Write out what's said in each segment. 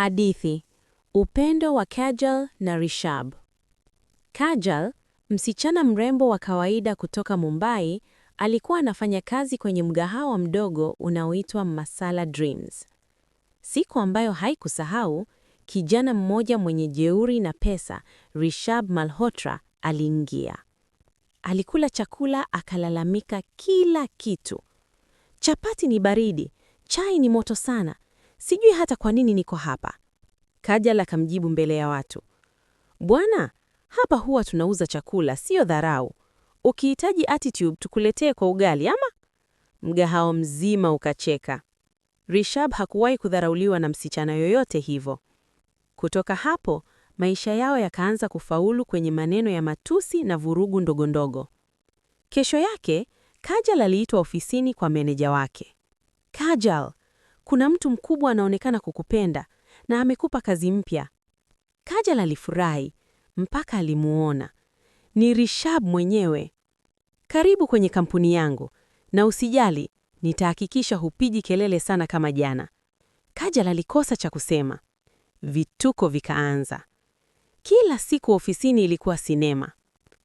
Hadithi: upendo wa Kajal na Rishab. Kajal, msichana mrembo wa kawaida kutoka Mumbai, alikuwa anafanya kazi kwenye mgahawa mdogo unaoitwa Masala Dreams. Siku ambayo haikusahau, kijana mmoja mwenye jeuri na pesa, Rishab Malhotra, aliingia. Alikula chakula akalalamika kila kitu. Chapati ni baridi, chai ni moto sana, Sijui hata kwa nini niko hapa. kajal kamjibu mbele ya watu, bwana, hapa huwa tunauza chakula, siyo dharau. Ukihitaji attitude tukuletee kwa ugali ama? mgahao mzima ukacheka. Rishab hakuwahi kudharauliwa na msichana yoyote hivyo. Kutoka hapo maisha yao yakaanza kufaulu kwenye maneno ya matusi na vurugu ndogondogo. Kesho yake Kajal aliitwa ofisini kwa meneja wake. Kajal, kuna mtu mkubwa anaonekana kukupenda na amekupa kazi mpya. Kajal alifurahi mpaka alimuona. Ni Rishab mwenyewe. Karibu kwenye kampuni yangu, na usijali, nitahakikisha hupigi kelele sana kama jana. Kajal alikosa cha kusema. Vituko vikaanza. Kila siku ofisini ilikuwa sinema.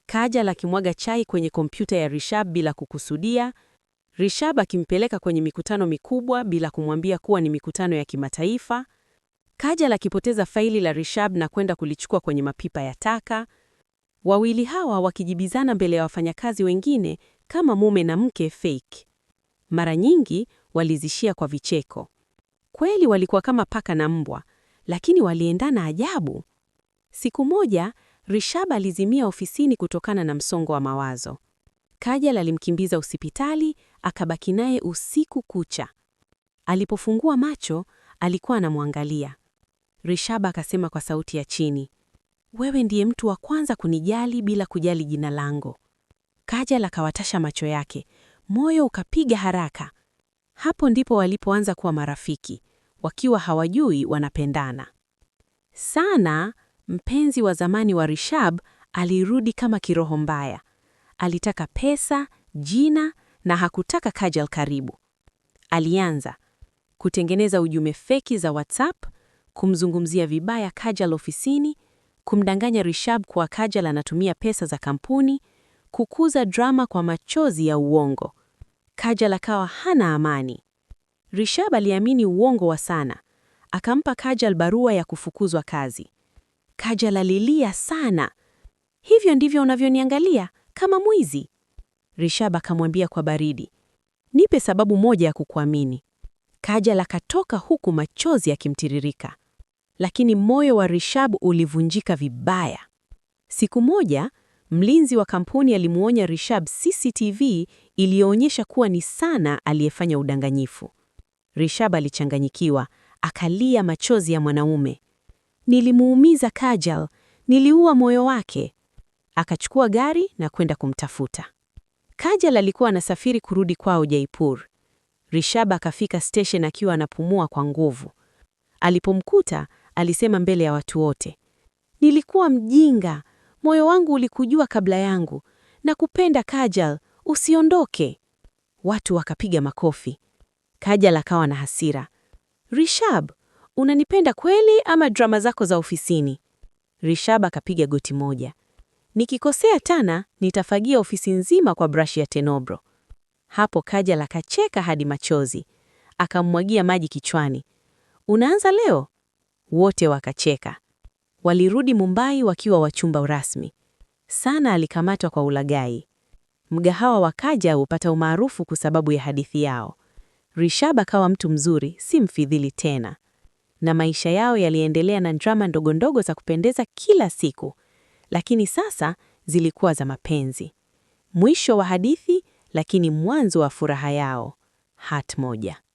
Kajal akimwaga chai kwenye kompyuta ya Rishab bila kukusudia. Rishab akimpeleka kwenye mikutano mikubwa bila kumwambia kuwa ni mikutano ya kimataifa. Kajal akipoteza faili la Rishab na kwenda kulichukua kwenye mapipa ya taka. Wawili hawa wakijibizana mbele ya wafanyakazi wengine kama mume na mke fake. Mara nyingi walizishia kwa vicheko. Kweli walikuwa kama paka na mbwa, lakini waliendana ajabu. Siku moja Rishab alizimia ofisini kutokana na msongo wa mawazo. Kajal alimkimbiza hospitali akabaki naye usiku kucha. Alipofungua macho, alikuwa anamwangalia. Rishaba akasema kwa sauti ya chini, wewe ndiye mtu wa kwanza kunijali bila kujali jina langu. Kajal akawatasha macho yake, moyo ukapiga haraka. Hapo ndipo walipoanza kuwa marafiki, wakiwa hawajui wanapendana sana. Mpenzi wa zamani wa Rishab alirudi kama kiroho mbaya. Alitaka pesa, jina na hakutaka Kajal karibu. Alianza kutengeneza ujumbe feki za WhatsApp, kumzungumzia vibaya Kajal ofisini, kumdanganya Rishab kuwa Kajal anatumia pesa za kampuni, kukuza drama kwa machozi ya uongo. Kajal akawa hana amani. Rishab aliamini uongo wa Sana, akampa Kajal barua ya kufukuzwa kazi. Kajal alilia sana. Hivyo ndivyo unavyoniangalia kama mwizi. Rishab akamwambia kwa baridi, nipe sababu moja ya kukuamini. Kajala akatoka huku machozi yakimtiririka, lakini moyo wa Rishab ulivunjika vibaya. Siku moja mlinzi wa kampuni alimuonya Rishab CCTV iliyoonyesha kuwa ni Sana aliyefanya udanganyifu. Rishab alichanganyikiwa, akalia machozi ya mwanaume. Nilimuumiza Kajal, niliua moyo wake. Akachukua gari na kwenda kumtafuta. Kajal alikuwa anasafiri kurudi kwao Jaipur. Rishab akafika station akiwa anapumua kwa nguvu. Alipomkuta alisema mbele ya watu wote, nilikuwa mjinga, moyo wangu ulikujua kabla yangu. na kupenda Kajal, usiondoke. Watu wakapiga makofi. Kajal akawa na hasira, Rishab, unanipenda kweli ama drama zako za ofisini? Rishab akapiga goti moja. Nikikosea tena nitafagia ofisi nzima kwa brashi ya tenobro. Hapo Kajala akacheka hadi machozi, akamwagia maji kichwani. Unaanza leo? Wote wakacheka. Walirudi Mumbai wakiwa wachumba rasmi. Sana alikamatwa kwa ulagai Mgahawa wa Kaja hupata umaarufu kwa sababu ya hadithi yao. Rishab akawa mtu mzuri, si mfidhili tena, na maisha yao yaliendelea na drama ndogo za kupendeza kila siku lakini sasa zilikuwa za mapenzi. Mwisho wa hadithi, lakini mwanzo wa furaha yao. Hat moja.